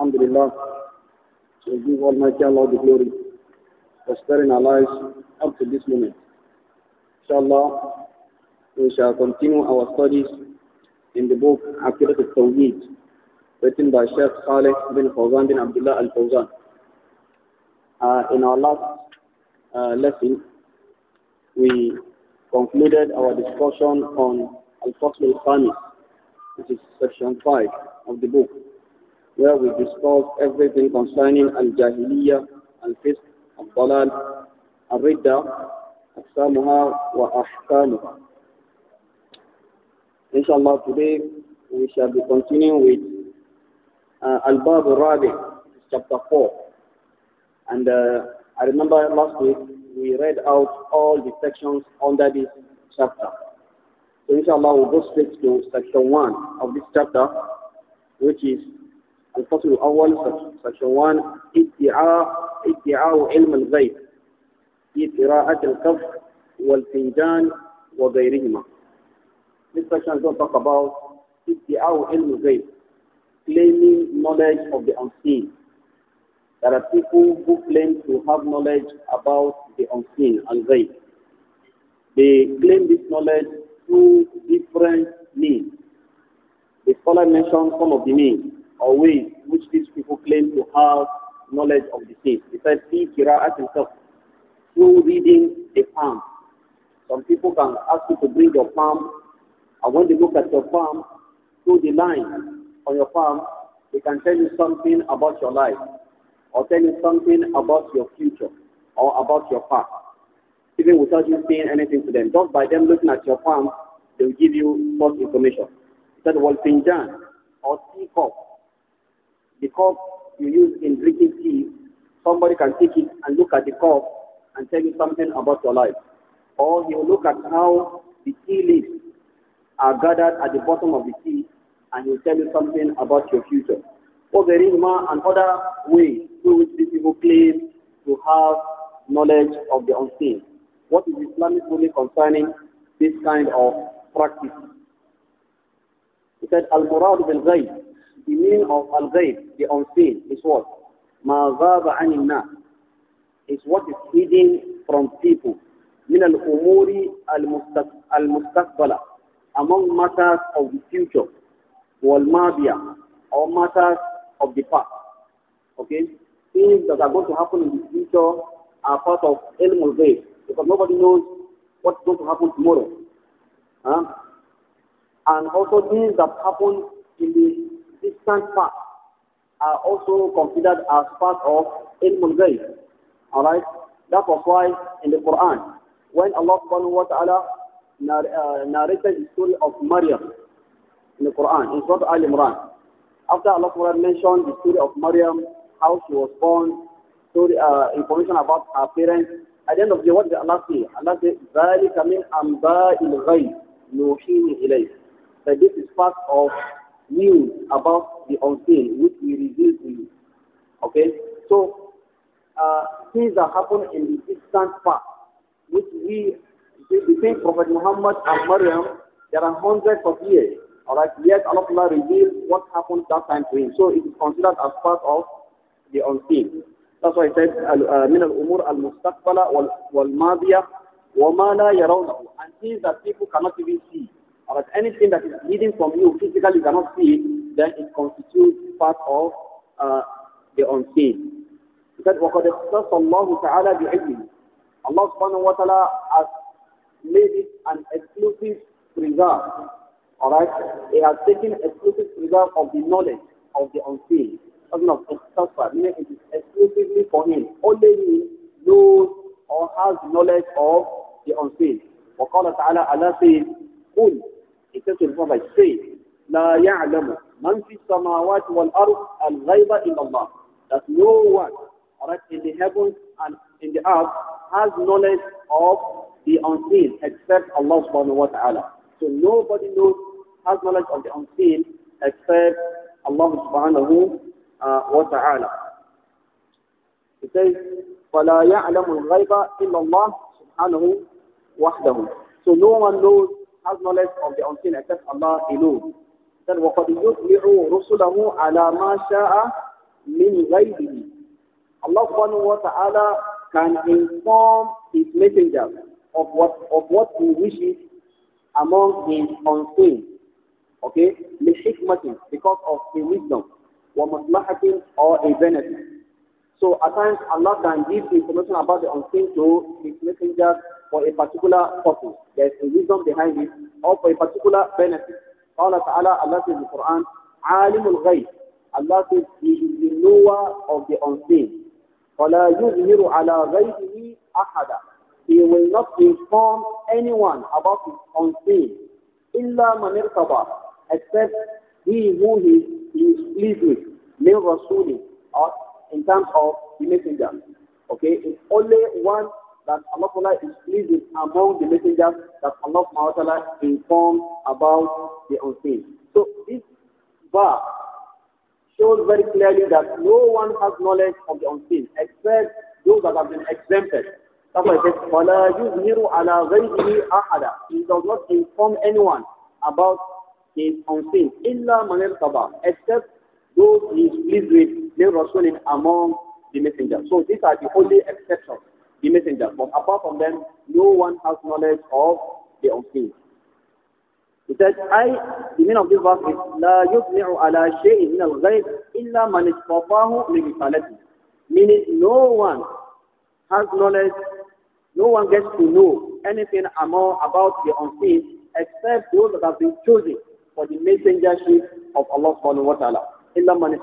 Alhamdulillah. So give Almighty Allah the glory for sparing our lives up to this moment. Inshallah, we shall continue our studies in the book Aqidat al-Tawheed, written by Sheikh Saleh bin Fawzan bin Abdullah al-Fawzan. Uh, in our last uh, lesson, we concluded our discussion on Al-Fasl al-Khamis, which is section 5 of the book where we discuss everything concerning al-jahiliyyah, al-fisq, al-dalal, al-ridda, aqsamuha wa ahkamuha. Inshallah, today we shall be continuing with uh, Al-Bab rabi chapter 4. And uh, I remember last week we read out all the sections under this chapter. So inshallah, we'll go straight to section 1 of this chapter, which is الفصل الأول 1 ادعاء ادعاء علم الغيب في قراءة الكف والفنجان وغيرهما This section is going to talk about ادعاء علم الغيب claiming knowledge of the unseen There are people who claim to have knowledge about the unseen and ghaib. They claim this knowledge through different means. The scholar mentioned some of the means or ways which these people claim to have knowledge of the faith. Besides says, see Kira'at himself through reading a palm. Some people can ask you to bring your palm, and when they look at your palm, through the line on your palm, they can tell you something about your life, or tell you something about your future, or about your past, even without you saying anything to them. Just by them looking at your palm, they will give you false information. That was Pinjan, or teacup, the cup you use in drinking tea, somebody can take it and look at the cup and tell you something about your life. Or he will look at how the tea leaves are gathered at the bottom of the tea and he will tell you something about your future. Or there is another way through which these people claim to have knowledge of the unseen. What is Islamic ruling concerning this kind of practice? He said, Al-Murad bil-Ghayb the meaning of al-ghaib, the unseen, is what? Ma ghaba Is what is hidden from people. Min al-umuri al-mustaqbala. Among matters of the future. Wal mabia Or matters of the past. Okay? Things that are going to happen in the future are part of al-ghaib. Because nobody knows what's going to happen tomorrow. Huh? And also things that happen in the distant parts are also considered as part of ilmul ghaib. All right, that was why in the Quran, when Allah subhanahu wa taala uh, narrated the story of Maryam in the Quran, in Surah Al Imran, after Allah subhanahu mentioned the story of Maryam, how she was born, story, uh, information about her parents. At the end of the day, what did Allah say? Allah said, ذَلِكَ مِنْ أَنْبَاءِ الْغَيْبِ نُوحِيهِ إِلَيْهِ That this is part of news about the unseen which we reveal to you. Okay? So, uh, things that happen in the distant past, which we, between Prophet Muhammad and Maryam, there are hundreds of years. Alright, yet Allah reveals what happened that time to him. So it is considered as part of the unseen. That's why it says, من الأمور المستقبلة والماضية وما لا يرونه. And things that people cannot even see. But anything that is hidden from you physically, you cannot see it, then it constitutes part of uh, the unseen. He said, وَقَدْ اخْتَصَ اللَّهُ تَعَالَى بِعِلْمِهِ Allah subhanahu wa ta'ala has made it an exclusive preserve. Alright? He has taken exclusive preserve of the knowledge of the unseen. Talking of ikhtasar, meaning it is exclusively for him. Only he knows or has knowledge of the unseen. وقال تعالى ألا سيد قل ita ce سي لا يعلم من في السماوات والأرض الغيب إلا الله that no one right in the heavens and in the earth has knowledge of the unseen except Allah subhanahu wa ta'ala so nobody knows has knowledge of the unseen except Allah subhanahu wa ta'ala he says فلا يعلم الغيب إلا الله سبحانه وحده so no one knows has knowledge of the unseen except Allah alone. Then وَقَدْ يُطْلِعُ رُسُلَهُ عَلَى مَا شَاءَ مِنْ غَيْبِهِ Allah subhanahu wa ta'ala can inform his messengers of what, of what he wishes among his unseen. Okay? لِحِكْمَةٍ because of his wisdom. وَمَصْلَحَةٍ or a benefit. So at times Allah can give information about the unseen to his messengers for a particular purpose. There is a reason behind it or for a particular benefit. Allah Ta'ala, Allah says in the Quran, عالم الغيب. Allah says He is the knower of the unseen. فَلَا يُظْهِرُ عَلَى غَيْبِهِ أَحَدًا He will not inform anyone about his unseen. إِلَّا مَنْ ارْتَضَى Except he who he is pleased with. مِنْ رَسُولِهِ Or in terms of the messenger. Okay, it's only one that Allah is pleased with among the messengers that Allah SWT informed about the unseen. So this verse shows very clearly that no one has knowledge of the unseen except those that have been exempted. That's why it says, فَلَا يُظْهِرُ عَلَى غَيْرِهِ أَحَدًا He does not inform anyone about his unseen. إِلَّا مَنِ الْقَبَى Except those he is pleased with, they were shown among the messengers. So these are the only exceptions the messenger. But apart from them, no one has knowledge of the unseen. He says, I, the meaning of this verse is, لا يطلع على شيء من الغيب إلا من min لرسالته. Meaning, no one has knowledge, no one gets to know anything about the unseen except those that have been chosen for the messengership of Allah subhanahu wa ta'ala. إلا من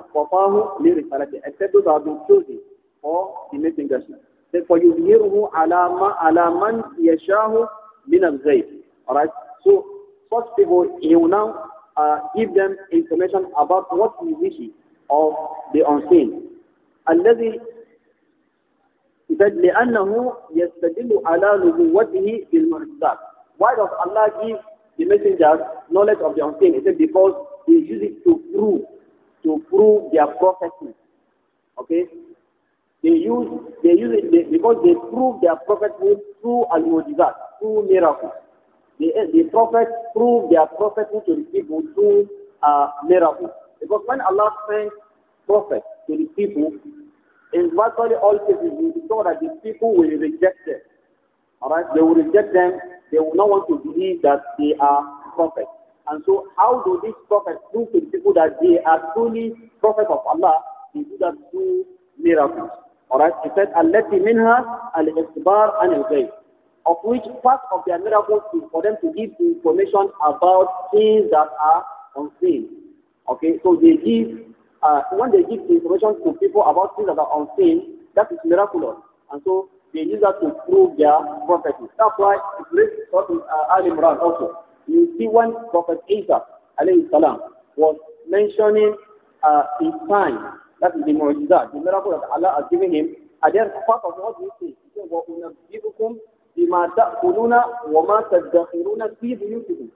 min لرسالته. Except those that have been chosen for the messengership. Then for you yuhiruhu ala alaman yashahu min Alright? So first, people, he will now uh, give them information about what he wishes of the unseen. الذي said لأنه يستدل على نبوته بالمعجزات. Why does Allah give the messengers knowledge of the unseen? He said because he uses it to prove, to prove their prophecy. Okay? They use, they use it they, because they prove their prophethood through al-mujizat, through miracles. Eh, the, the prophets prove their prophethood to the people through uh, miracles. Because when Allah sent prophets to the people, in virtually all cases, we saw that the people will reject them. Alright, they will reject them. They will not want to believe that they are prophets. And so, how do these prophets prove to the people that they are truly prophets of Allah? They do that through miracles. Alright, he said, Allati minha al-isbar and al of which part of their miracles is for them to give information about things that are unseen. Okay, so they give, uh, when they give information to people about things that are unseen, that is miraculous. And so they use that to prove their prophecy. That's why it reads in uh, Al Imran also. You see when Prophet Isa alayhi salam was mentioning uh, his time that is the the miracle that Allah has given him. And then part of what he says, he says, وَأُنَبِّئُكُمْ بِمَا تَأْكُلُونَ وَمَا تَدَّخِرُونَ فِي بُيُوتِكُمْ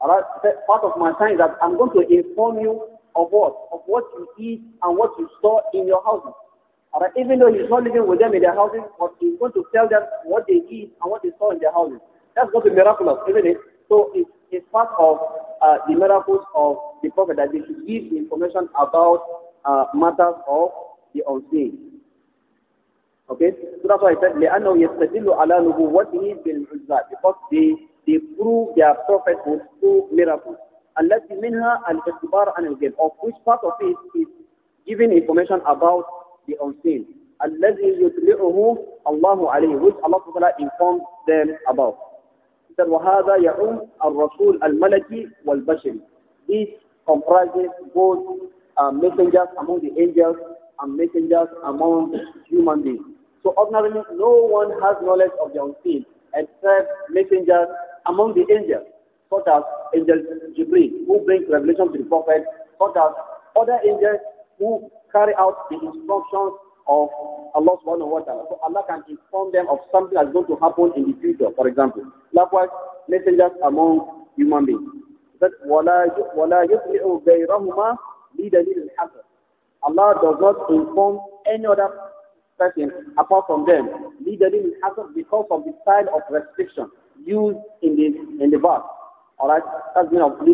Alright, part of my is that I'm going to inform you of what? Of what you eat and what you store in your houses. Alright, even though he's not living with them in their houses, but he's going to tell them what they eat and what they store in their houses. That's going to be miraculous, isn't it? So it's, it's part of uh, the miracles of the prophet that they should give information about uh, matters of the unseen. Okay? So that's why I said, لأنه يستدل على نبوته بالعزة because they, they prove their prophethood through miracles. التي منها الاخبار عن الغيب of which part of it is giving information about the unseen. الذي يطلعه الله عليه which Allah Ta'ala informs them about. He said, وهذا يعم الرسول الملكي والبشري. This comprises both uh, messengers among the angels and messengers among human beings. So ordinarily, no one has knowledge of the unseen except messengers among the angels, such as angel Jibril, who brings revelation to the prophet, such as other angels who carry out the instructions of Allah subhanahu wa ta'ala. So Allah can inform them of something that's going to happen in the future, for example. Likewise, messengers among human beings. But لِدَلِيلِ Allah does not inform any other person apart from them لِدَلِيلِ الْحَسَنِ because of the style of restriction used in the, in the verse. Alright, that's mean of al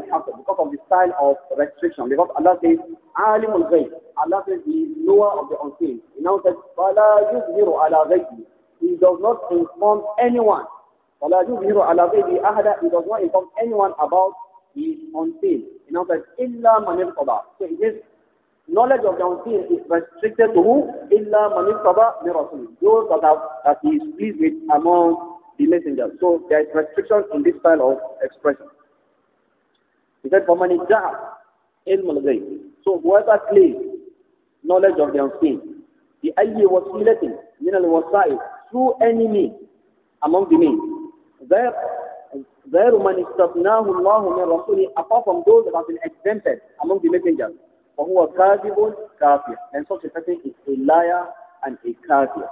الْحَسَنِ because of the style of restriction. Because Allah says, عَالِمُ الْغَيْبِ Allah says, "The knower of the unseen. He now says, فَلَا He does not inform anyone. فَلَا He does not inform anyone about is unseen. You know that illa manil qada. So his knowledge of the unseen is restricted to who? Illa manil qada Rasul. Those that, have, that he is pleased with among the messengers. So there is restriction in this style of expression. He said, many جَعَ إِلْمُ الْغَيْبِ So whoever claims knowledge of the unseen, the was أَيِّ وَسِيلَةٍ was الْوَسَائِلِ through any means, among the means, there غير من استثناه الله من رسوله apart from those that have been exempted among the messengers فهو كاذب كافر and such a person is a liar and a kafir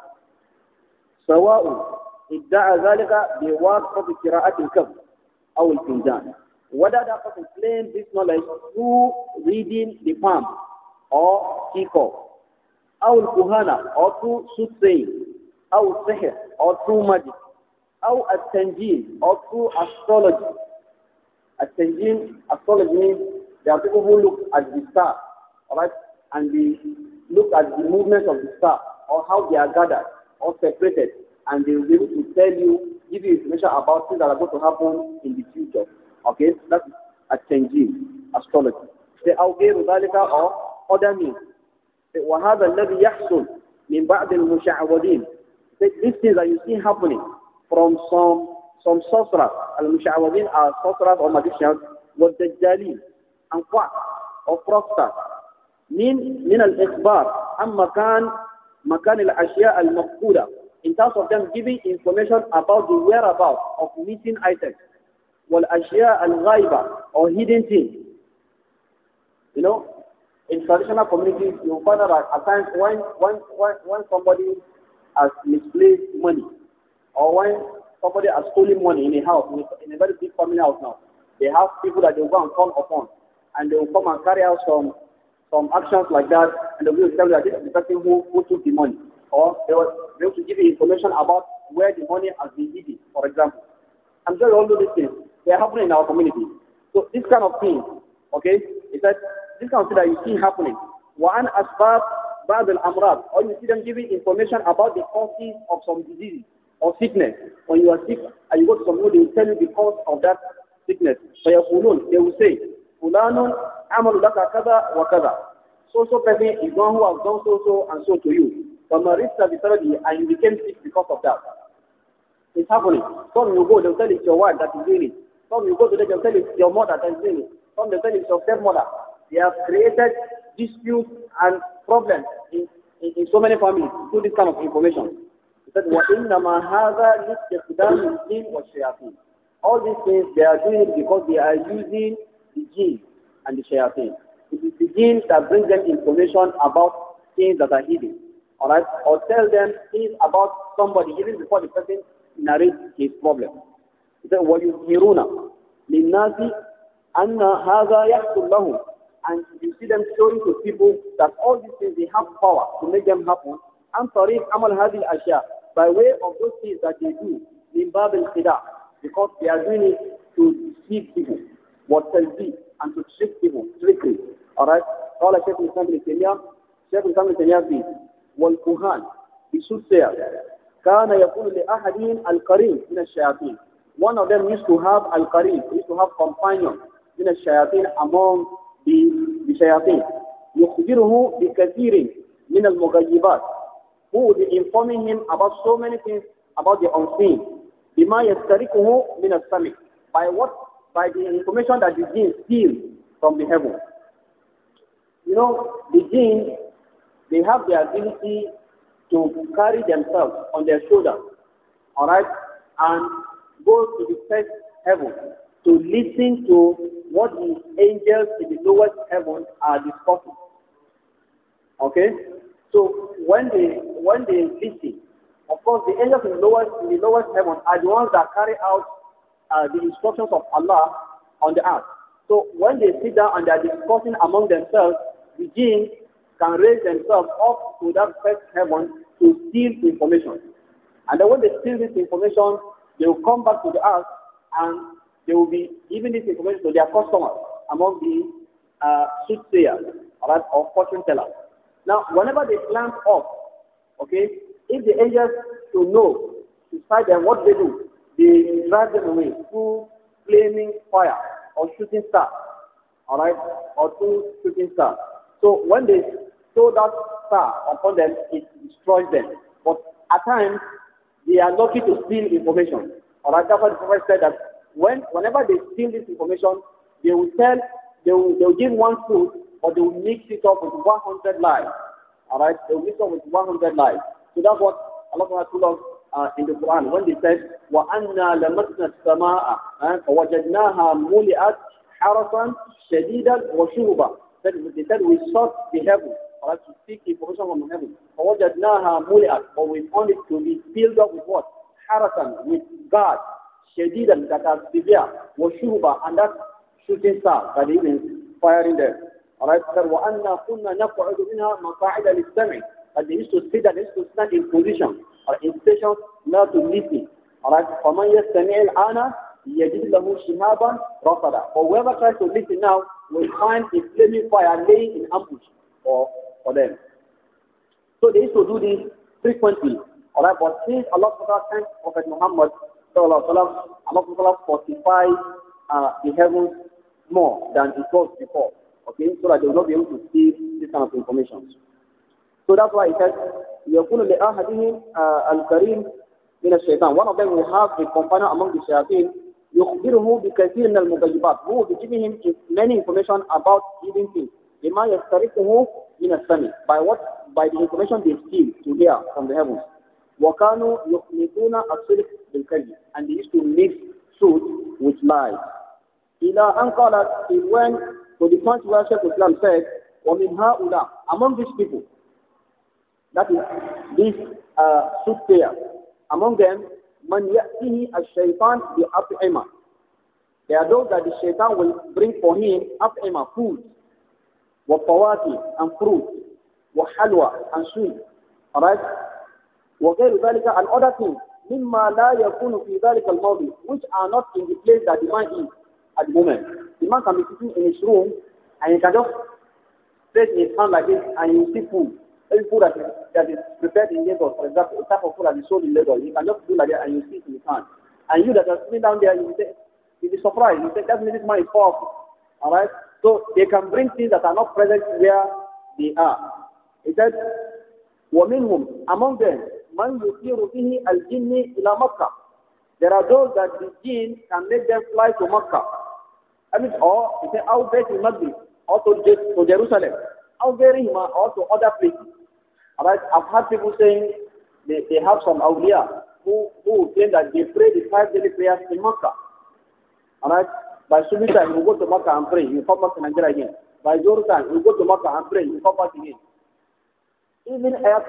سواء ادعى ذلك بواسطة قراءة الكف أو الفنجان whether that person claims this knowledge through reading the palm or kiko أو الكهانة or through soothsaying أو السحر or through magic أو التنجيم or through astrology. التنجيم astrology means there are people who look at the star, alright, and they look at the movements of the star or how they are gathered or separated, and they will be able to tell you, give you information about things that are going to happen in the future. Okay, that's التنجيم astrology. The أو غير ذلك or other means. وهذا الذي يحصل من بعض المشعوذين. These things that you see happening from some some sorcerers. Al-Musha'awadin are sorcerers or magicians with Dajjalin and qua, or fraudsters. من من الإخبار عن مكان مكان الأشياء المفقودة in terms of them giving information about the whereabouts of missing items والأشياء الغائبة or hidden things you know in traditional communities you find that at times when when when, when somebody has misplaced money Or when somebody has stolen money in a house, in a, very big family house now, they have people that they will go and call upon. And they will come and carry out some some actions like that, and they will tell you that this is the person who, who took the money. Or they will, they will give you information about where the money has been hidden, for example. I'm sure all of these things. They are happening in our community. So this kind of thing, okay, is that this kind of thing that you see happening. One as bad al amrad, or you see them giving information about the causes of some disease or sickness. When you are sick and you go to someone, they will tell you the cause of that sickness. So يقولون, they will say, فلان عمل لك كذا وكذا. So so person is one who has done so so and so to you. فمرضت بسببه and you became sick because of that. It's happening. Some you go, they'll tell it's your wife that is doing it. Some you go to them, they'll tell it's your mother that is doing it. Some they'll tell it's your stepmother. They have created disputes and problems in, in, in so many families through this kind of information. وَإِنَّمَا هَذَا لِسْتِخْدَامِ الْجِنْ وَالشَّيَاطِينِ All these things, they are doing because they are using the jinn and the shayateen. It is the jinn that brings them information about things that are hidden. Alright? Or tell them things about somebody even before the person narrates his problem. He said, وَيُظْهِرُونَ لِلنَّاسِ أَنَّ هَذَا يَحْصُلْ لَهُم And you see them showing to people that all these things, they have power to make them happen. عن طريق عمل هذه الأشياء by way of those things that they do in Bab al Khida, because they are doing it to deceive people, what can be, and to trick people, trickery. Alright? قال شيخ الاسلام ابن تيميه شيخ الاسلام ابن تيميه في والكهان بسوسيا كان يقول لاحدهم القرين من الشياطين one of them used to have al-qarin used to have companion من الشياطين among the, the shayateen يخبره بكثير من المغيبات who will be informing him about so many things about the unseen. بما يسترقه من السمع by what by the information that the jinn steals from the heaven. You know, the jinn, they have the ability to carry themselves on their shoulders, all right, and go to the first heaven to listen to what the angels in the lowest heaven are discussing. Okay? So when they when they visit, of course the angels in the lowest in the lowest heaven are the ones that carry out uh, the instructions of Allah on the earth. So when they sit down and they are discussing among themselves, the jinn can raise themselves up to that first heaven to steal information. And then when they steal this information, they will come back to the earth and they will be giving this information to their customers among the uh, soothsayers, right, or fortune tellers. Now, whenever they climb up, okay, if the angels to know, to fight them, what they do, they drive them away through flaming fire or shooting stars, all right, or through shooting stars. So when they throw that star upon them, it destroys them. But at times, they are lucky to steal information. All right, that's why the prophet said that when, whenever they steal this information, they will tell, they will, they will give one food but they will mix it up with 100 lies. Alright? They will mix it up with 100 lies. So that's what Allah told us uh, in the Quran when they said, وَأَنَّا لَمَسْنَا السَّمَاءَ فَوَجَدْنَاهَا مُلِئَتْ حَرَسًا شَدِيدًا وَشُهُبًا that they said we sought the heaven or to seek information from heaven. فَوَجَدْنَاهَا مُلِئَتْ But we found it to be filled up with what? Haratan, with God. Shadidan, that are severe. وَشُهُبًا And that shooting star that is firing there. Alright, sir, وَأَنَّا كُنَّا نَقْعُدُ مِنْهَا مَقَاعِدَ لِلسَّمْعِ And they used to sit and they used to stand in position or in stations not to listen. Alright, فَمَنْ يَسْتَمِعِ الْآنَ يَجِدْ لَهُ شِهَابًا رَصَدًا For whoever tries to listen now will find a flaming fire laying in ambush for, for them. So they used to do this frequently. Alright, but since Allah sent Prophet Muhammad, Allah fortified uh, the heavens more than it was before. Okay, so that they will not be able to see this kind of information. So that's why it says, يكون لأحدهم الكريم من الشيطان. One of them will have a companion among the shayateen يخبره بكثير من المغيبات. Who will be giving him many information about hidden things. بما in من study By what? By the information they steal to hear from the heavens. وكانوا يخلطون الصدق بالكذب. And they used to mix truth with lies. إلى أن قالت, went." To the point where Sheikh Islam said, وَمِنْ Among these people, that is, these uh, soothsayers, among them, al-shaytan bi-af'ima. There are those that the shaitan will bring for him af'ima food, وَفَوَاتِهِ and fruit, wa-halwa and sweet, alright? وغير ذلك and other things مما لا يكون في ذلك الماضي which are not in the place that the man is at the moment. The man can be sitting in his room and he can just spread his hand like this and you see food. Every food that is, that is prepared in Lagos, for example, the type of food that is sold in Lagos, you can just do like that and you see it in his hand. And you that are sitting down there, you say, you'll be surprised. You say, that means this man is powerful. Alright? So they can bring things that are not present where they are. It says, وَمِنْهُمْ Among them, مَنْ يُثِيرُ al jinni ila Makkah. There are those that the jinn can make them fly to Makkah. I mean, or it's an i in Madrid, or to, to Jerusalem, I'll or to other places. Alright, I've had people saying they, they have some awliya who, who claim that they pray the five daily prayers in Makkah. Alright, by Subi time, you go to Makkah and pray, you come back to Nigeria again. By Zohar time, you go to Makkah and pray, you come back again. Even air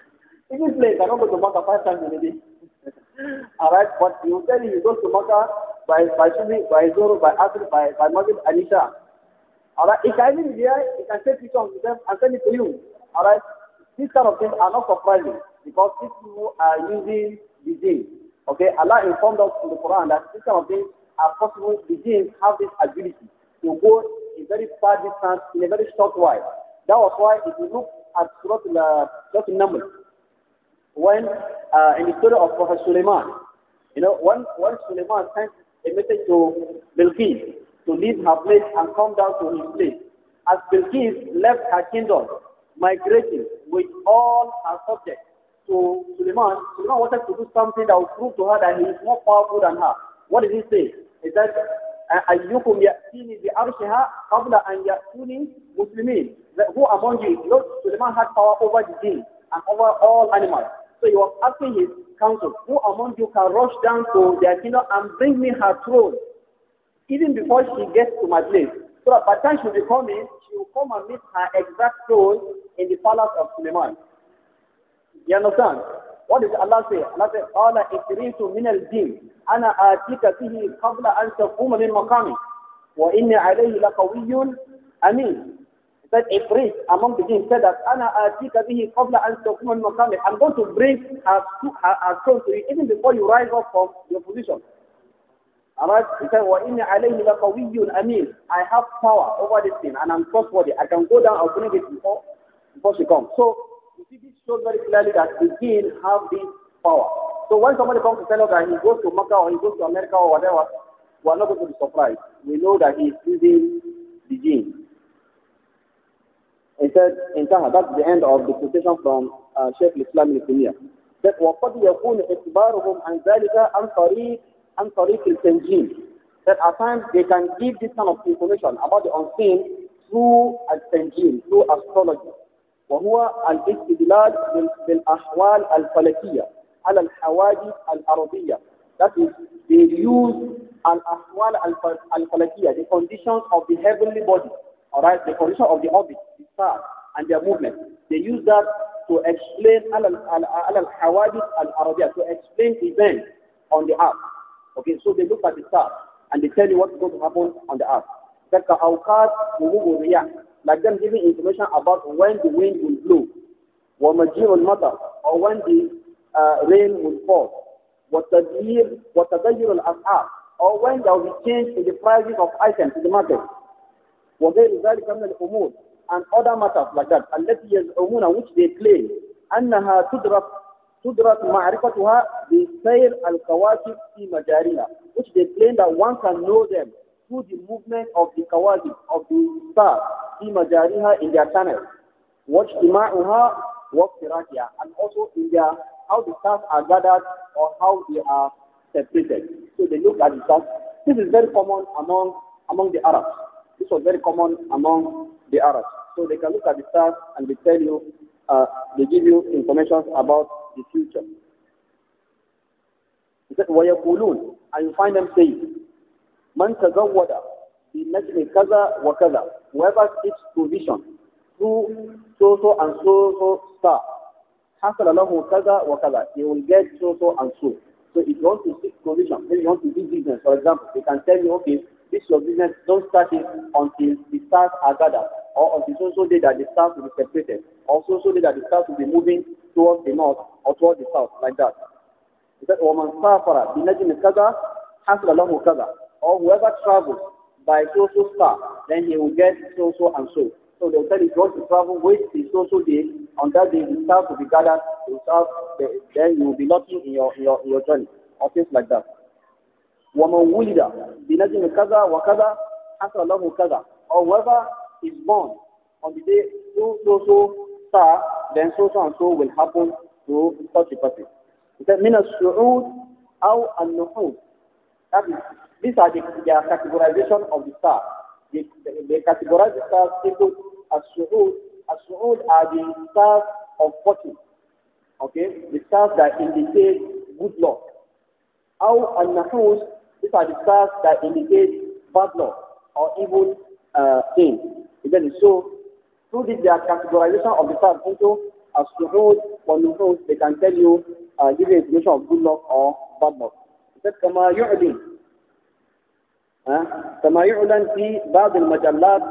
even planes, I don't go to Makkah five times in a day. Alright, but usually tell you, go to Makkah by, by Shumi, by Zoro, by Asr, by, by Maghrib, Anisha. Alright, if I live there, he can take picture of them, and send it to you. Alright, these kind of things are not surprising because these people are using the gene. Okay, Allah informed us in the Quran that these kind of things are possible. The genes have this ability to go a very far distance in a very short while. That was why if you look at Surah al uh, Numbers, when uh, in the story of Prophet Suleiman, you know, when, when Suleiman sent a message to Bilqis to leave her place and come down to his place, as Bilqis left her kingdom, migrating with all her subjects to Suleiman, Suleiman wanted to do something that would prove to her that he is more powerful than her. What did he say? He said, أيكم يأتيني بعرشها قبل أن يأتوني مسلمين. Who among you? Lord Suleiman had power over the jinn and over all animals. So he was asking his council, who among you can rush down to their kingdom and bring me her throne, even before she gets to my place? So that by the time she'll be coming, she will come and meet her exact throne in the palace of Suleiman. You understand? What does Allah say? Allah says, "Allah is to قَالَ إِكْرِيتُ مِنَ الْجِنِّ أَنَا آتِكَ فِيهِ قَبْلَ أَنْ تَقُومَ مِنْ مَقَامِكَ وَإِنَّ عَلَيْهِ لَقَوِيٌّ أَمِينٌ that a priest among the jinn said that Ana atika bihi qabla an takun makami. I'm going to bring a, a, stone to you even before you rise up from your position. Alright, he said, Wa inni alayhi laqawiyyun Amin. I have power over this thing and I'm trustworthy. I can go down and bring it before before she comes. So you see this shows very clearly that the jinn have this power. So when somebody comes to tell us that he goes to Mecca or he goes to America or whatever, we are not going to be surprised. We know that he is using the jinn. It said, انتهى. That's the end of the quotation from uh, Sheikh Islam Ibn Taymiyyah. That وقد يكون إخبارهم عن ذلك عن طريق عن طريق التنجيم. That at times they can give this kind of information about the unseen through التنجيم, through astrology. وهو الاستدلال بالأحوال الفلكية على الحوادث الأرضية. That is, they use al-ahwal al-falakiyah, the conditions of the heavenly body alright, the position of the orbit, the stars, and their movement. They use that to explain al-hawadith al-arabiyah, to explain events on the earth. Okay, so they look at the stars and they tell you what's going to happen on the earth. Like the awqat like them giving information about when the wind will blow, the ومجيء matter, or when the uh, rain will fall, what the وتغيير وتغير الأسعار, or when there will be change in the prices of items in the market. وغير ذلك من الأمور and other matters like that التي يزعمون which they claim أنها تدرك تدرك معرفتها بسير الكواكب في مجاريها which they claim that one can know them through the movement of the kawakib of the stars في مجاريها in their channel واجتماعها وافتراقها and also in their how the stars are gathered or how they are separated so they look at the stars this is very common among among the Arabs this was very common among the Arabs. So they can look at the stars and they tell you, uh, they give you information about the future. He said, وَيَقُولُونَ And you find them saying, مَنْ تَزَوَّدَ بِنَجْمِ كَذَا وَكَذَا Whoever seeks vision through so-so and so-so star, حَصَلَ لَهُ كَذَا وَكَذَا He will get so-so and so. So if you want to seek provision, maybe you want to do business, for example, they can tell you, okay, this your business. Don't start it until the stars are gathered, or until so so day that the stars will be separated, or so so day that the stars will be moving towards the north or towards the south, like that. He said, "Woman safara binajmi kaza hasla lahu kaza." Or whoever travels by so so star, then he will get so so and so. So they will tell you go to travel with the so so day. On that day, the stars will be gathered. The stars, then you will be lucky in your in your, in your journey, or things like that. وَمَنْ وُلِدَ بِنَجْمِ كَذَا وَكَذَا حَصَلَ لَهُ كَذَا Or whoever is born on the day so, so, so, star, then so, so, and so will happen to such a person. He said, مِنَ السُّعُودِ an النُّحُودِ That is, this are the, the categorization of the star. They, they, they categorize the stars into as-su'ud. As-su'ud are the stars of fortune. Okay? The stars that indicate good luck. an النحوس these are the stars that indicate bad luck or evil uh, things. Again, so through this their categorization of the stars into as suhood or nuhud, they can tell you, uh, give you information of good luck or bad luck. said, "Kama It says, كما يعلن كما يعلن في بعض المجلات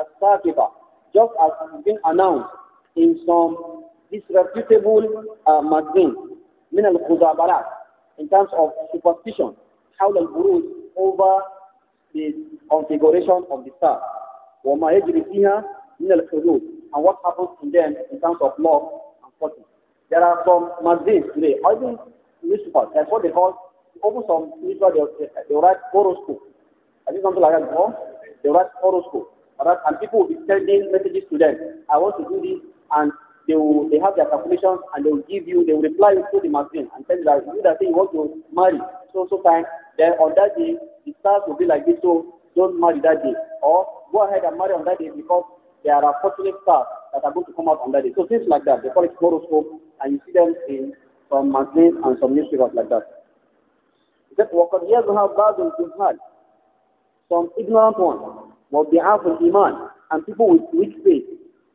الساقطة just as has been announced in some disreputable uh, min al الخزعبلات in terms of superstition حول البروج over the configuration of the stars. وما يجري فيها من الحدود and what happens to them in terms of law and fortune. There are some magazines today, or even newspapers, that's what they call, over some newspapers, they, they write horoscope. Have you something like that before? They write horoscope. Right? And people will be sending messages to them. I want to do this, and they will they have their calculations and they will give you they will reply you through the machine and tell you that you that say you want to marry so so fine. then on that day the stars will be like this so don't marry that day or go ahead and marry on that day because there are fortunate stars that are going to come out on that day so things like that they call it horoscope and you see them in some magazines and some newspapers like that. Just have يظهر بعض الجهال some ignorant ones an الإيمان and people with weak faith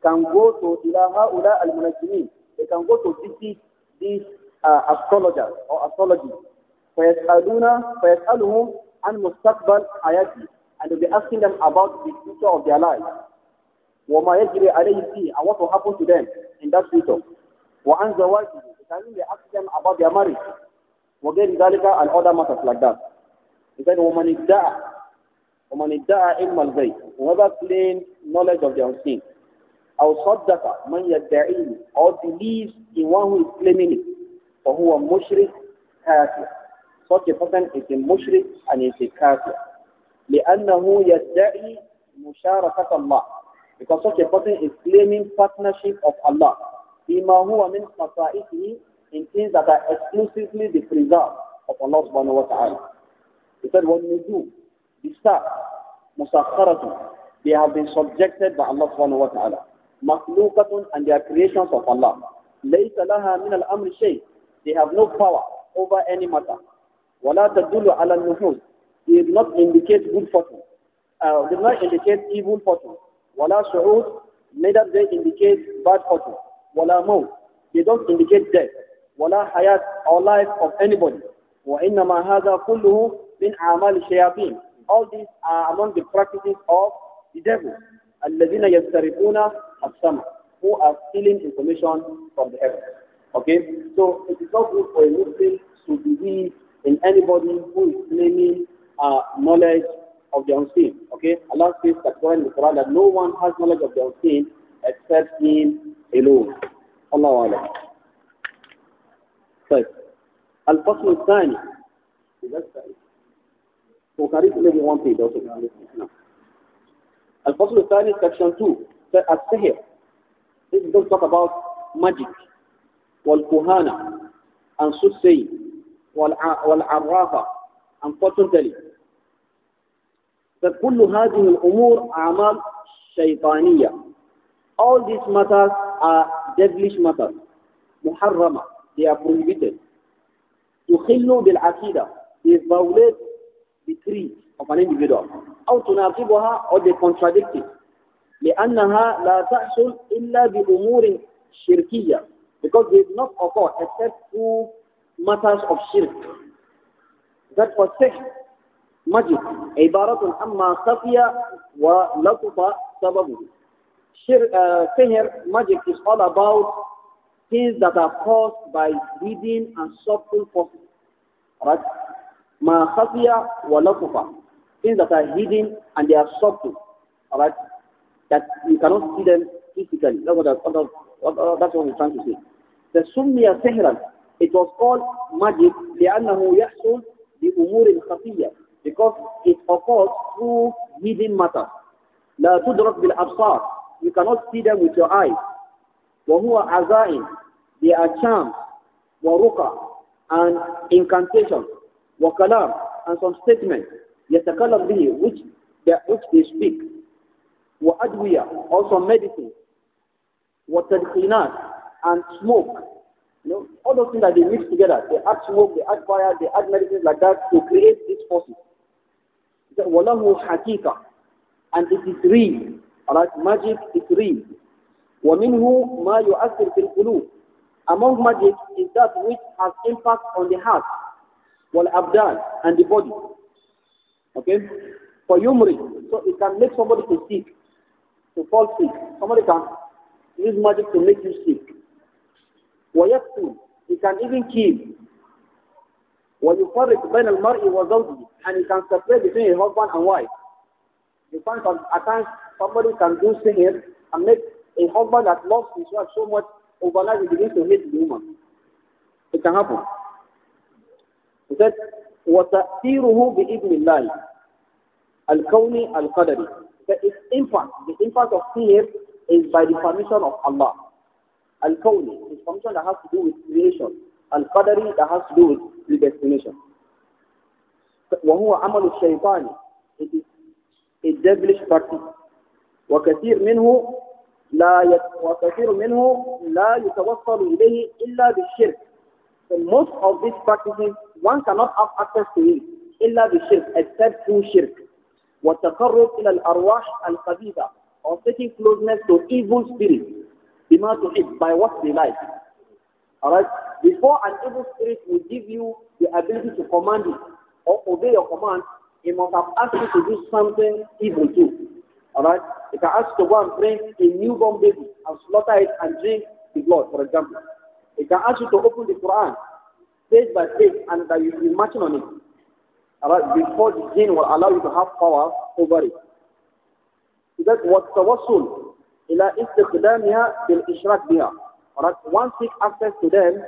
can go to ilaha ula al munajjimin. They can go to visit these uh, astrologers or astrology. فَيَسْأَلُونَ فَيَسْأَلُهُمْ عَنْ مُسْتَقْبَلْ حَيَاتِهِ And they'll be asking them about the future of their life. وَمَا يَجْرِ عَلَيْهِ فِيهِ And what will happen to them in that future. وَعَنْ زَوَاجِهِ Can they ask them about their marriage? وَغَيْرِ ذَلِكَ and other matters like that. He said, وَمَنِ ادَّعَ وَمَنِ ادَّعَ in الْغَيْبِ Whoever claims knowledge of their unseen. أو صدق من يدعيه or believes in one who is claiming it فهو مشرك كافر such a person is a mushrik and is a kafir لأنه يدعي مشاركة الله because such a person is claiming partnership of Allah بما هو من خصائصه in things that are exclusively the preserve of Allah subhanahu wa ta'ala. He said, when you do, the stars, musakharatu, they have been subjected by Allah subhanahu wa ta'ala. مخلوقة and they are creations of Allah. ليس لها من الأمر شيء. They have no power over any matter. ولا تدل على النفوذ. They do not indicate good fortune. Uh, they do not indicate evil fortune. ولا شعود. Neither they indicate bad fortune. ولا مو. They don't indicate death. ولا حياة or life of anybody. وإنما هذا كله من أعمال الشياطين. All these are among the practices of the devil. الذين يسترقون as who are stealing information from the heavens. Okay? So it is not good for a Muslim to believe in anybody who is claiming uh, knowledge of the unseen. Okay? Allah says in the Quran that no one has knowledge of the unseen except Him alone. Allah Allah. maybe one الثاني وقريب al-fasl al الثاني section 2 as-sihr. This is going to talk about magic, wal-kuhana, and soothsaying, wal-arrafa, and fortune telling. فكل هذه الأمور أعمال شيطانية. All these matters are devilish matters. محرمة. They are prohibited. تخل بالعقيدة. They violate the creed of an individual. أو تناقضها or they contradict it. لأنها لا تحصل إلا بأمور شركية because they did not occur except through matters of shirk. That was sihr, magic, عبارة أما خفي ولطفة سببه. شر uh, magic is all about things that are caused by hidden and subtle forces. Right? ما خفية ولطفة Things that are hidden and they are subtle. right that you cannot see them physically. That's what, we uh, that's what trying to say. The Summiya Sihran, it was called magic لأنه يحصل بأمور خفية because it occurs through hidden matters. لا تدرك بالأبصار You cannot see them with your eyes. وهو عزائم They are charms. ورقى And incantations. وكلام And some statements. يتكلم به which, which they speak. وأدوية also medicine وتدخينات and smoke you know, all those things that they mix together they add smoke they add fire they add medicines like that to create these forces وله حقيقة and it is real alright magic is real ومنه ما يؤثر في القلوب among magic is that which has impact on the heart abdul and the body okay for yumri so it can make somebody to sick to fall sick. Somebody can use magic to make you sick. ويقتل he can even kill ويفرق بين المرء وزوجه and he can separate between a husband and wife you find some, at times somebody can do sin and make a husband that loves his wife so much overnight he begins to hate the woman it can happen he said وتأثيره بإذن الله الكوني القدري the, impact, the impact of Sihir is by the permission of Allah. Al-Kawni is permission that has to do with creation. Al-Qadari that has to do with predestination. وهو عمل الشيطان it is a devilish practice وكثير منه لا يت... وكثير منه لا يتوصل إليه إلا بالشرك so most of these practices one cannot have access to it إلا بالشرك except through shirk وَتَقَرُّبْ إِلَى الْأَرْوَاحِ الْقَبِيبَةِ Or taking closeness to evil spirits bima must it by what they like. Alright? Before an evil spirit will give you the ability to command it or obey your command, he must have asked you to do something evil too. Alright? He can ask you to go and bring a newborn baby and slaughter it and drink the blood, for example. He can ask you to open the Quran page by page and that you will be marching on it right, before the jinn will allow you to have power over it. That was the tawassul ila istiqdamiha bil ishraq biha. Alright, one seek access to them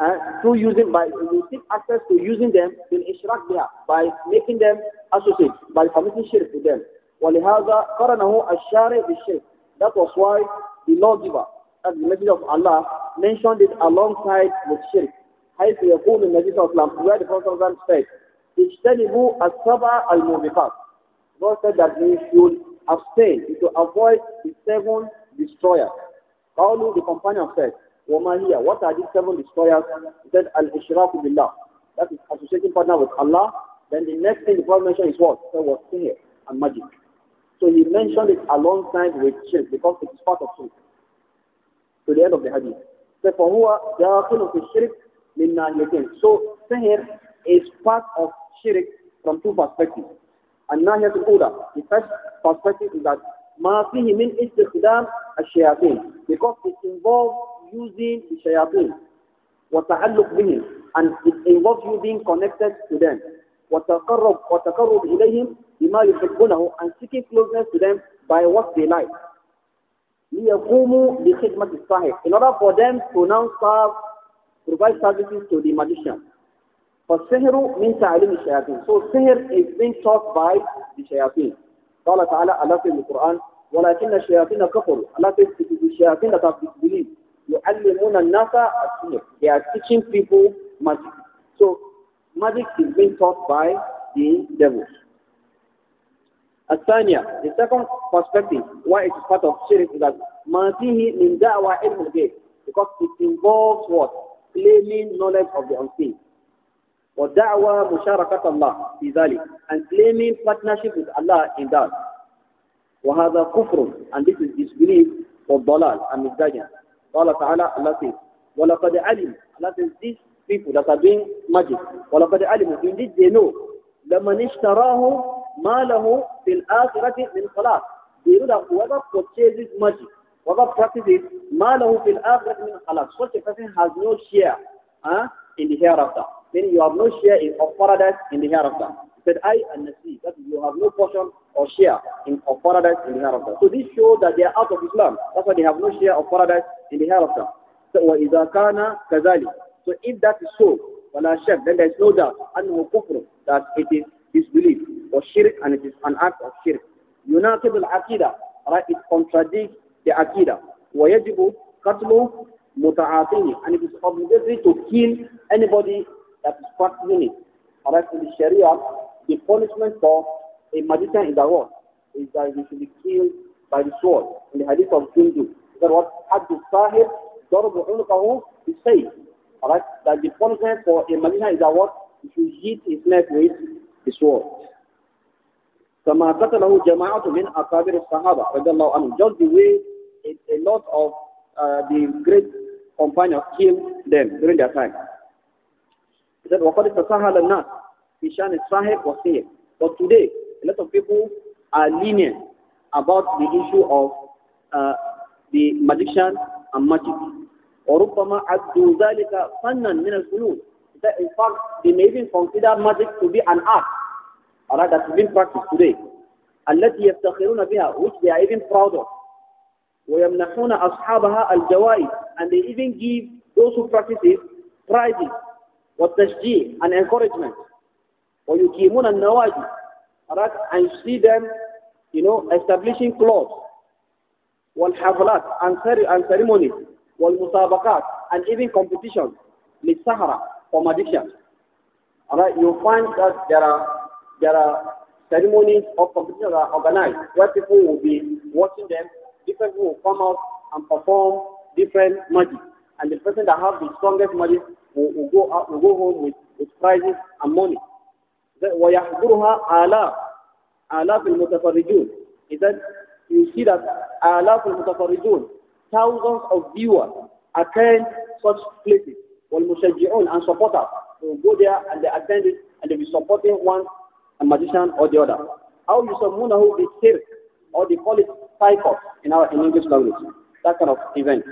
uh, through using by you seek access to using them bil ishraq biha by making them associate by committing shirk to them. ولهذا قرنه الشارع بالشرك. That was why the lawgiver, as the message of Allah, mentioned it alongside with shirk. حيث يقول النبي صلى الله عليه وسلم where the Prophet said اجتنبوا السبع الموبقات. God said that we should abstain, to avoid the seven destroyers. Paul, the companion, said, Woman here, what are these seven destroyers? He said, Al Ishraku That is associating partner with Allah. Then the next thing the Prophet mentioned is what? He was sihr and magic. So he mentioned it alongside with shirk because it is part of shirk. To the end of the hadith. So who are في الشرك من shirk? So sihr is part of shirk from two perspectives. and now here's The first perspective is that it's the من استخدام الشياطين because it involves using the shayateen وتعلق بهم and it involves you being connected to them وتقرب وتقرب the بما يحبونه and seeking closeness to them by what they like ليقوموا بخدمة الصاحب in order for them to now serve provide services to the magician فالسحر من تعليم الشياطين so السحر is being taught by the شياطين قال تعالى الله في القرآن ولكن الشياطين كفروا الله في it is the shayateen يعلمون الناس السحر they are teaching people magic so magic is being taught by the devils الثانية the second perspective why it is part of shirk is that ما فيه من دعوة علم الغيب because it involves what claiming knowledge of the unseen ودعوى مشاركة الله في ذلك and claiming partnership with Allah in that وهذا كفر and this is disbelief والضلال and misguidance قال تعالى Allah says ولقد علم Allah says these people that are doing magic ولقد علم indeed they know لمن اشتراه ما له في الآخرة من خلاص they know that whoever purchases magic whoever practices ما له في الآخرة من خلاص such a person has no share huh, in the hereafter meaning you have no share in of paradise in the hereafter. He said, I and the sea, that you have no portion or share in of paradise in the hereafter. So this shows that they are out of Islam. That's why they have no share of paradise in the hereafter. So وَإِذَا كَانَ Kazali. So if that is so, وَلَا شَكْ Then there is no doubt, أَنَّهُ كُفْرٌ That it is disbelief or shirk and it is an act of shirk. يُنَاقِضُ الْعَقِيدَةِ Right? It contradicts the aqidah. وَيَجِبُ قَتْلُ مُتَعَاطِيهِ And it is obligatory to kill anybody abstract meaning. Whereas in the Sharia, the punishment for a magician in the world is that he should be killed by the sword. In the hadith of Hindu. that what had the sahib, ضرب عنقه بالسيف. Alright, that the punishment for a magician in the world He to hit his neck with the sword. كما قتله جماعة من أكابر الصحابة رضي الله عنهم. Just the way a, a lot of uh, the great companions killed them during their time. He said, وَقَدْ تَسَهَلَ النَّاسِ Ishan is sahib was safe. But today, a lot of people are lenient about the issue of uh, the magician and magic. وَرُبَّمَا عَدُّوا ذَلِكَ فَنًّا مِنَ الْفُنُونِ That in fact, they may even consider magic to be an art alright, that's being practiced today. التي يفتخرون بها which they are even proud of. ويمنحون أصحابها الجوائز and they even give those who practice it prizes. والتشجيع and encouragement ويقيمون النوادي right? and you see them you know establishing clubs والحفلات and, and ceremonies والمسابقات and even competitions للسهرة for addiction right? you find that there are there are ceremonies or competitions are organized where people will be watching them different people will come out and perform different magic and the person that has the strongest magic will, will, go, out, will go home with, with prizes and money. وَيَحْضُرُهَا آلَافٌ آلَافِ الْمُتَفَرِّجُونَ He said, you see that آلَافِ الْمُتَفَرِّجُونَ Thousands of viewers attend such places. وَالْمُشَجِّعُونَ And supporters. They will go there and they attend it and they'll be supporting one a magician or the other. How you is sirk or they call it psychos in our in English language. That kind of event.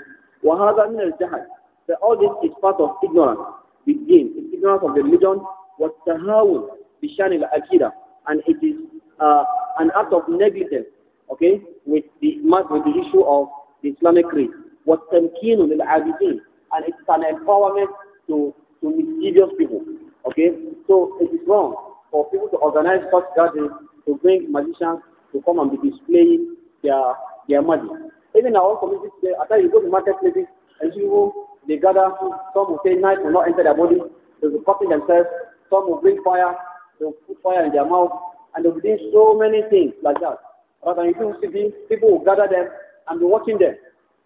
وَهَذَا مِنَ الْجَهَلِ that all this is part of ignorance, the game, it's ignorance of the religion, was tahawun, bishan akira and it is uh, an act of negligence, okay, with the, with the issue of the Islamic creed. Was tamkinu lil-abidin, and it's an empowerment to, to mischievous people, okay. So it is wrong for people to organize such gatherings to bring magicians to come and be displaying their, their magic. Even our community today, at times you go to marketplaces and people they gather, some will say knife will not enter their body, they will cut themselves, some will bring fire, they will put fire in their mouth, and they will do so many things like that. Rather than you see people will gather them and be watching them.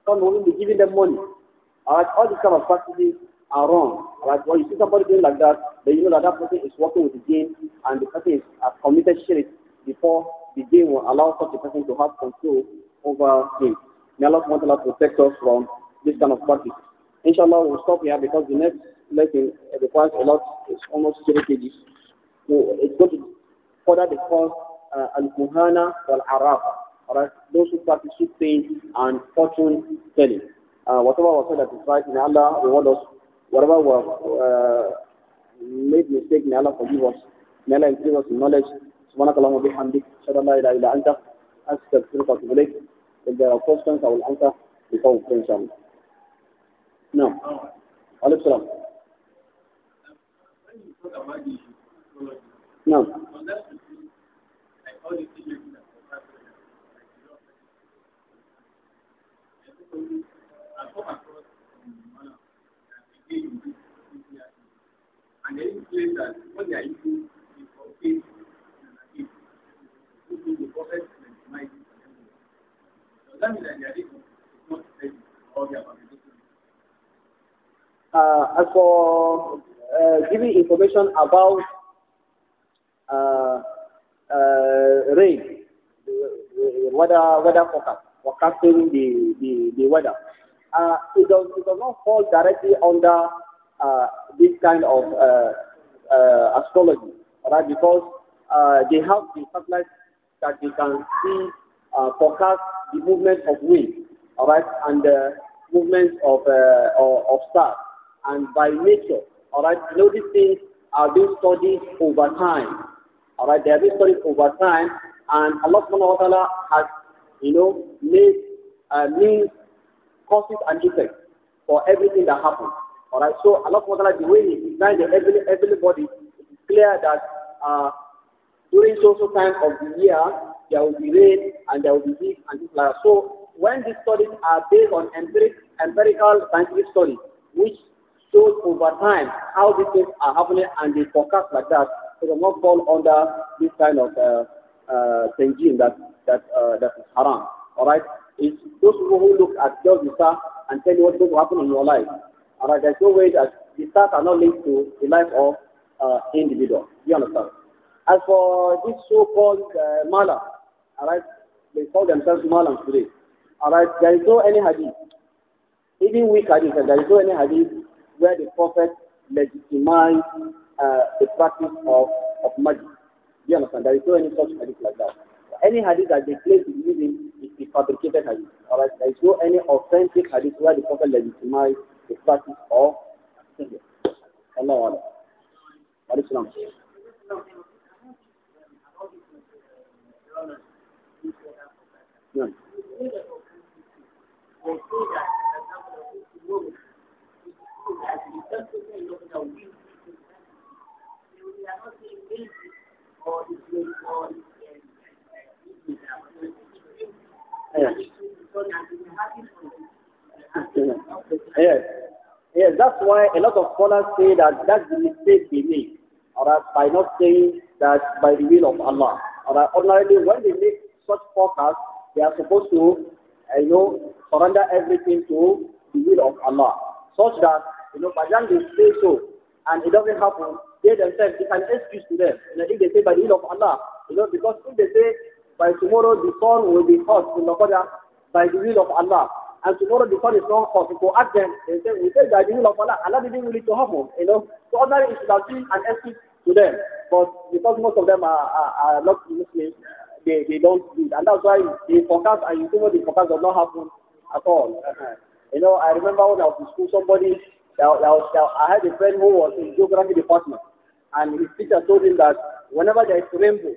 Some will be giving them money. Alright, all these kind of practices are wrong. when you see somebody doing like that, then you know that that person is working with the game and the person is, has committed shirk before the game will allow such a person to have control over him. May Allah want to protect us from this kind of practices. Inshallah, we'll stop here because the next lesson requires a lot. It's almost 30 pages. So it's going to further discuss uh, al-muhana wal Araba. Alright, those who practice pain and fortune telling. Uh, whatever was said that is right in Allah, reward us. Whatever was uh, made mistake, may Allah forgive us. May Allah increase us in knowledge. سبحانك اللهم وبحمدك أشهد أن لا anta. Ask the people to إليك. If there are questions, I will answer before we finish. نعم عليه السلام نعم uh, as for uh, giving information about uh, rain, weather, weather forecast, forecasting the, the, the weather, it, does, it does not fall directly under this kind of astrology, right? Because they have the satellites that they can see forecast the movement of wind, all right, and the movement of, of, of stars and by nature. Alright, you know these things are being studied over time. Alright, they are being studied over time and Allah subhanahu wa ta'ala has, you know, made uh, means, causes and effects for everything that happens. Alright, so Allah subhanahu wa ta'ala, the way He designed every, everybody, it's clear that uh, during social time of the year, there will be rain and there will be heat and so like So when these studies are based on empiric, empirical scientific studies, which shows over time how these things are happening and they forecast like that. they will not fall under this kind of uh, uh, that, that, uh, that is haram. Alright? It's those people who look at your visa and tell you what's going to happen in your life. Alright? There's no way that visas are not linked to the life of uh, individual. You understand? As for this so-called uh, mala, alright, they call themselves malams today. Alright, there is no any hadith. Even weak hadith, there is no any hadith where the Prophet legitimized uh, the practice of, of magic. Do you understand? There is no any such hadith like that. Any hadith that they claim to believe in is a fabricated hadith. All right? There is no any authentic hadith where the Prophet legitimized the practice of Allah. Allah. Allah. a lot of scholars say that that's the mistake they make, that by not saying that by the will of Allah. Alright, ordinarily when they make such forecast, they are supposed to, uh, you know, surrender everything to the will of Allah, such that, you know, by then they say so, and it doesn't happen, they themselves, it's an excuse to them, you know, if they say by the will of Allah, you know, because if they say by tomorrow the sun will be hot in Nakoda, by the will of Allah, and tomorrow the sun is not hot, you go ask them, they say, we say that the will of Allah, Allah didn't really to happen, you know. So ordinarily it should have been an excuse to them, but because most of them are, are, are not Muslims, they, they don't do it. And that's why the forecast, and you see what the forecast does not happen at all. Uh-huh. You know, I remember when I was in school, somebody, that, was, I had a friend who was in geography department, and his teacher told him that whenever there is rainbow,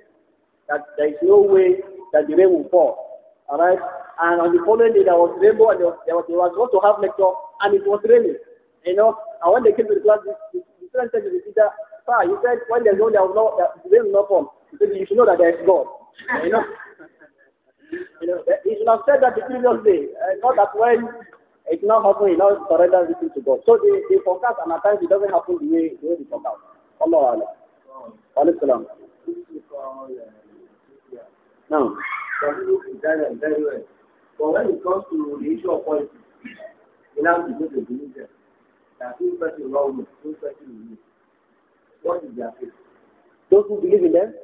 that there is no way that the rain will fall. All right, and on the following day, there was rainbow and there was, there was, they were supposed to have lecture and it was raining. You know, and when they came to the class, the, the student said to the teacher, Sir, you said when there's no, there was no, there, rain will not come. He said, You should know that there is God. You know, you know he should have said that the previous day, uh, not that when it now happens, he now surrenders it to God. So they, they forecast and at times it doesn't happen the way, the way they forecast. Allah Allah. Allah Salam. Now. But when it comes to the issue of politics, we now have to go to the religion. That two person wrong with, two person with. What is their faith? Those who believe in them?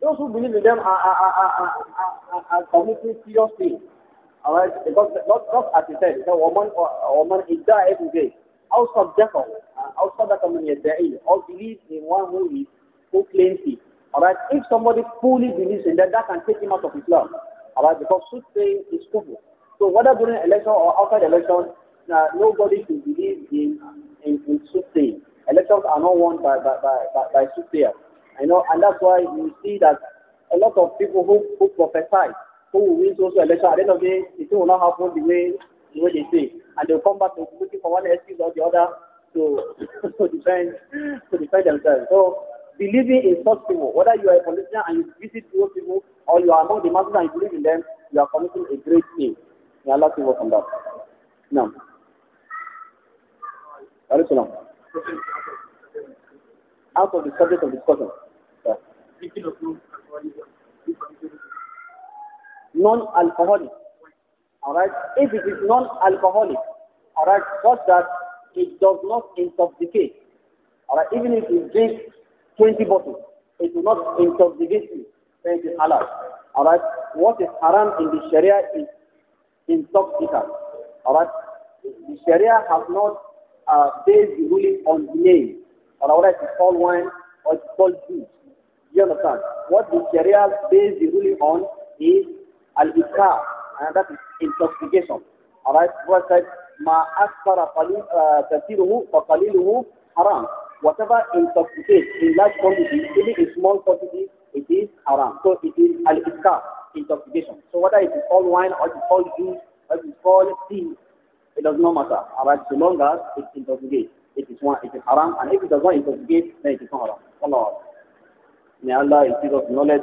Those who believe in them are, are, are, are, are, are, are committing serious things. Alright, because not not as he said, a woman or uh, woman is there every day. Outside Jacob, outside the community, all believe in one who is who claims it. Alright, if somebody fully believes in that, that can take him out of Islam. Alright, because soothsaying is proven, So whether during election or outside election, uh, nobody should believe in, in, in soothsaying. Elections are not won by, by, by, by, by soothsayers. You know, and that's why you see that a lot of people who, who prophesy, who win social election, at the end of the day, it will not happen the way, the way they say. And they'll come back to looking for one excuse or the other to, to defend to defend themselves. So believing in such people, whether you are a politician and you visit those people, or you are among the masses and you believe in them, you are committing a great sin. May Allah save us from that. Now, alayhi Out of the subject of discussion. Non-alcoholic. Alright, if it is non-alcoholic, alright, such that it does not intoxicate. Alright, even if you drink 20 bottles. It will not intoxicate you. Then it is halal. Alright? What is haram in the Sharia is intoxicant. Alright? The Sharia has not uh, based the ruling on the name. Alright? It's called wine or it's called juice. You understand? What the Sharia based the ruling on is al-ikar. And that is intoxication. Alright? What said, ma أكثر قليل كثيره haram whatever intoxicates in large quantity, even in small quantity, it is haram. So it is al-iskar, intoxication. So whether it is called wine or it is called juice or it is called tea, it does not matter. Alright, so long as it intoxicates. It is one, it is haram, and if it does not intoxicate, then it is not haram. Allah. May Allah increase us knowledge.